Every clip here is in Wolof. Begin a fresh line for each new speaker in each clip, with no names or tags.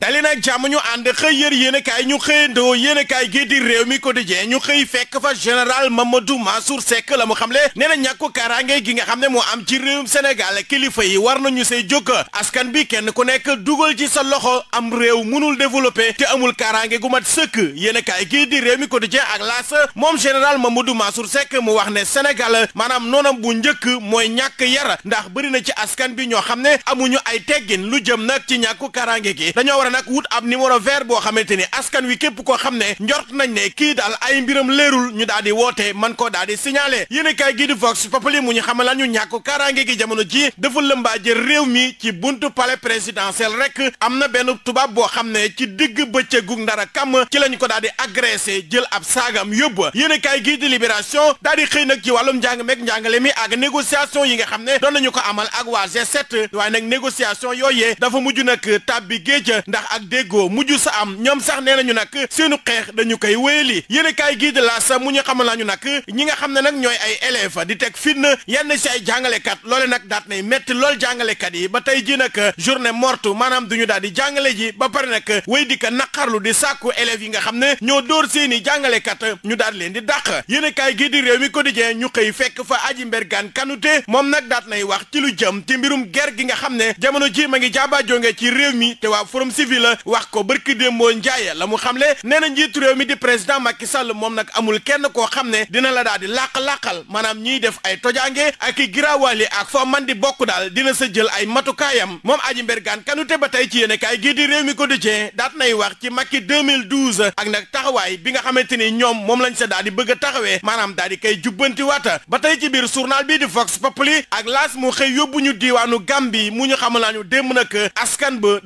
dali nag jàmm ñu ànd xëy yër yéenekaay ñu xëyandoo yéenekaay gi di réew mi quotidien ñu xëy fekk fa général Mamadou Mansour Seck la mu xam le nee na ñàkku kaaraange gi nga xam ne moo am ci réewum Sénégal kilifa yi war nañu say jóg askan bi kenn ku nekk dugal ji sa loxo am réew munul développé te amul karaange gu mat sëkk yéenekaay gi di réew mi quotidien ak laas moom général Mamadou Mansour Seck mu wax ne Sénégal maanaam noonam bu njëkk mooy ñàkk yar ndax bëri na ci askan bi ñoo xam ne amuñu ay teggin lu jëm nag ci ñàkku kaaraange gi dañoo na nag wut ab numéro vert boo xamante ni askan wi képp koo xam ne njort nañ ne kii daal ay mbiram leerul ñu daal di woote man ko daal di signaler yéen a kaay gii di Vox mu ñu xamal la ñu ñàkk kaaraange gi jamono ji dafa lëmbaaje réew mi ci buntu pale présidentiel rek am na benn tubaab boo xam ne ci digg gug ndara kam ci lañ ko daal di agressé jël ab saagam yóbbu yéen a kaay gii di libération daal di xëy nag ci wàllum njàng meeg njàngale mi ak négociation yi nga xam ne doon nañu ko amal ak waa G7 waaye nag négociation yooyee dafa mujj nag tàbbi géej tax ak déggoo mujj sa am ñoom sax nee nañu nag seenu xeex dañu koy wéyali yéen kaay gii de laas mu ñu xamal nañu nag ñi nga xam ne nag ñooy ay élèves di teg fitna yenn si ay jàngalekat loole nag daat nay métti lool jàngalekat yi ba tey ji nag journée morte maanaam duñu daal di jàngale ji ba pare nag wéy di ko naqarlu di sàkku élèves yi nga xam ne ñoo dóor seeni jàngalekat ñu daal leen di dàq yéen kaay gii di réew mi di quotidien ñu xëy fekk fa aji mbergaan kanute moom nag daat nay wax ci lu jëm ci mbirum guerre gi nga xam ne jamono ji ma ngi jaabaajonge ci réew mi bi la wax ko barki démboo Ndiaye la mu xamle nee na njiitu réew mi di président Macky Sall moom nag amul kenn koo xam ne dina la daal di làq-làqal maanaam ñiy def ay tojaange ak i giraawaali ak foo man di bokk daal dina sa jël ay matukaayam moom aji mbergaan kanute ba tey ci yéen kaay gii di réew mi ko dëjee daat nay wax ci Macky 2012 ak nag taxawaay bi nga xamante ni ñoom moom lañ sa daal di bëgg a taxawee maanaam daal kay koy jubbanti waata ba tey ci biir journal bii di Vox Populi ak laas mu xëy yóbbu ñu diiwaanu mu ñu xamal ñu démb nag askan ba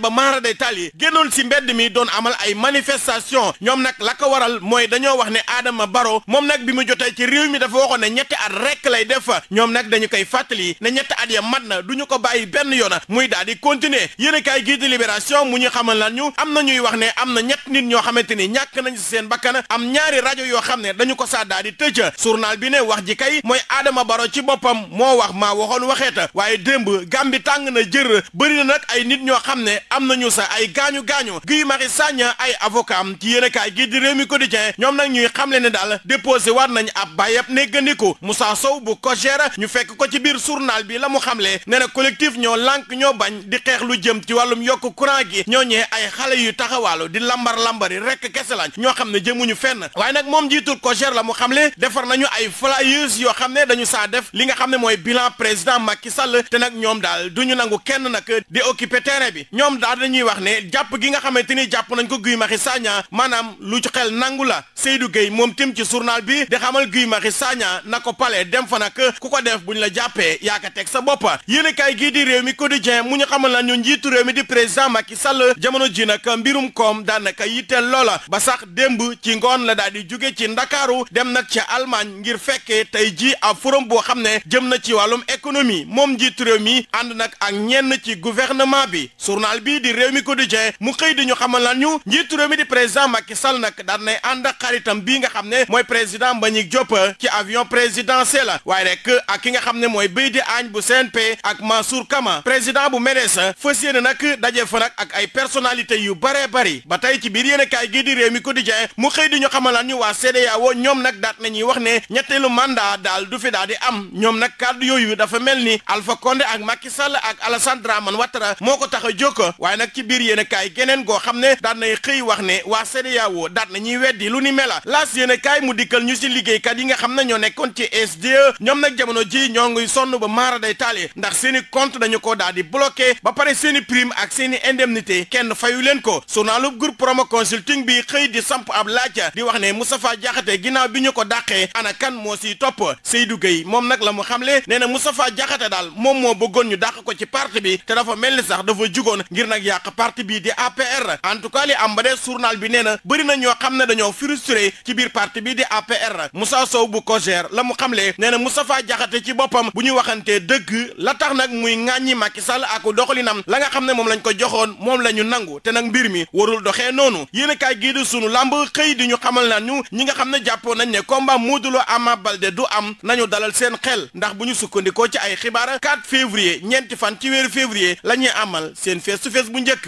ba maar Dakar day tali génnoon si mbedd mi doon amal ay manifestation ñoom nag la waral mooy dañoo wax ne Adama baro moom nag bi mu jotee ci réew mi dafa waxoon ne ñetti at rek lay def ñoom nag dañu koy fàttali ne ñetti at ya mat na du ñu ko bàyyi benn yoon muy daal di continuer yéen a kaay gii di libération mu ñu xamal lan ñu am na ñuy wax ne am na ñett nit ñoo xamante ni ñàkk nañ si seen kana am ñaari rajo yoo xam ne dañu ko saa daal di tëj journal bi ne wax ji kay mooy Adama Barrow ci boppam moo wax maa waxoon waxeeta waaye démb Gàmbi tàng na jër bëri na nag ay nit ñoo xam ne nañu sa ay gaañu gaañu Guy Marius Sagna ay nag ñuy xamle ne daal déposé war nañ ñu fekk ko ci biir journal bi la mu xamle nee na collectif ñoo lànk ñoo bañ di xeex lu jëm ci wàllum yokk courant gi ñoo ñee ay xale yu taxawaalu di lambar lambari rekk kese lañ ñoo xam ne jëmuñu fenn waaye nag moom jiitul COJER la mu xamle defar nañu ay flyers yoo xam ne dañu saa def li nga xam ne mooy bilan président Macky Sall te nag ñoom daal duñu nangu kenn nag di occuper terrain bi ñoom daal ñuy wax ne jàpp gi nga xamante ni jàpp nañ ko Guy Marius Sagna maanaam lu ci xel nangu la Seydou Gueye moom tim ci journal bi di xamal Guy Marius Sagna na ko pale dem fa nag ku ko def bu ñu la jàppee yaaka teg sa bopp yéenekaay gii di réew mi quotidien mu ñu xamal na ñu njiitu réew mi di président Macky Sall jamono ji nag mbirum koom daanaka yitteel loola ba sax démb ci ngoon la daal di jóge ci Ndakaaru dem nag ca Allemagne ngir fekkee tey ji ab forum boo xam ne jëm na ci wàllum économie moom njiitu turéew mi ànd nag ak ñenn ci gouvernement bi réew mi quotidien mu xëy di ñu xamal lan ñu njiitu réew mi di président Macky Sall nag daan nay ànd ak xaritam bii nga xam ne mooy président Mbagnick Diop ci avion présidentiel la waaye rek ak ki nga xam ne mooy Beydi Agne bu CNP ak Mansour Kama président bu MEDES fas yéene nag daje fa nag ak ay personnalité yu bare bari ba tey ci biir yéen kaay gii di réew mi quotidien mu xëy di ñu xamal lan ñu waa CEDEAO ñoom nag daat nañuy wax ne ñetteelu mandat daal du fi daal di am ñoom nag kàddu yooyu dafa mel ni Alpha ak Macky Sall ak Alassane Dramane Ouattara moo ko tax a jóg nag ci biir yéen geneen goo xam ne daan nay xëy wax ne waa CEDEAO daan na ñuy yi lu ni mela laas yéen a kaay mu dikkal ñu si liggéeykat yi nga xam ne ñoo nekkoon ci SDE ñoom nag jamono ji ñoo ngi sonn ba maara day taale ndax seen i compte dañu ko daal di bloqué ba pare seeni i prime ak seen i indemnité kenn fayu leen ko journalub groupe promo consulting bi xëy di samp ab laaj di wax ne Moustapha Diakhaté ginnaaw bi ñu ko dàqee ana kan moo siy topp Seydou Gueye moom nag la mu xamle nee na Moustapha Diakhaté daal moom moo bëggoon ñu dàq ko ci parti bi te dafa mel ni sax dafa jugoon ngir nag yàq parti bii di APR en tout cas li am ba de journal bi nee na bëri na ñoo xam ne dañoo frustré ci biir parti bii di APR Moussa Sow bu Kogère la mu lee nee na Moustapha Diakhaté ci boppam bu ñu waxantee dëgg la tax nag muy ŋàññi Macky Sall ak doxalinam la nga xam ne moom lañ ko joxoon moom la ñu nangu te nag mbir mi warul doxee noonu yéen a kaay gii di sunu làmb xëy di ñu xamal na ñu ñi nga xam ne jàppoon nañ ne combat Modou Lo Ama Baldé du am nañu dalal seen xel ndax bu ñu sukkandikoo ci ay xibaar 4 février ñeenti ci weeru février la ñuy amal seen njëkk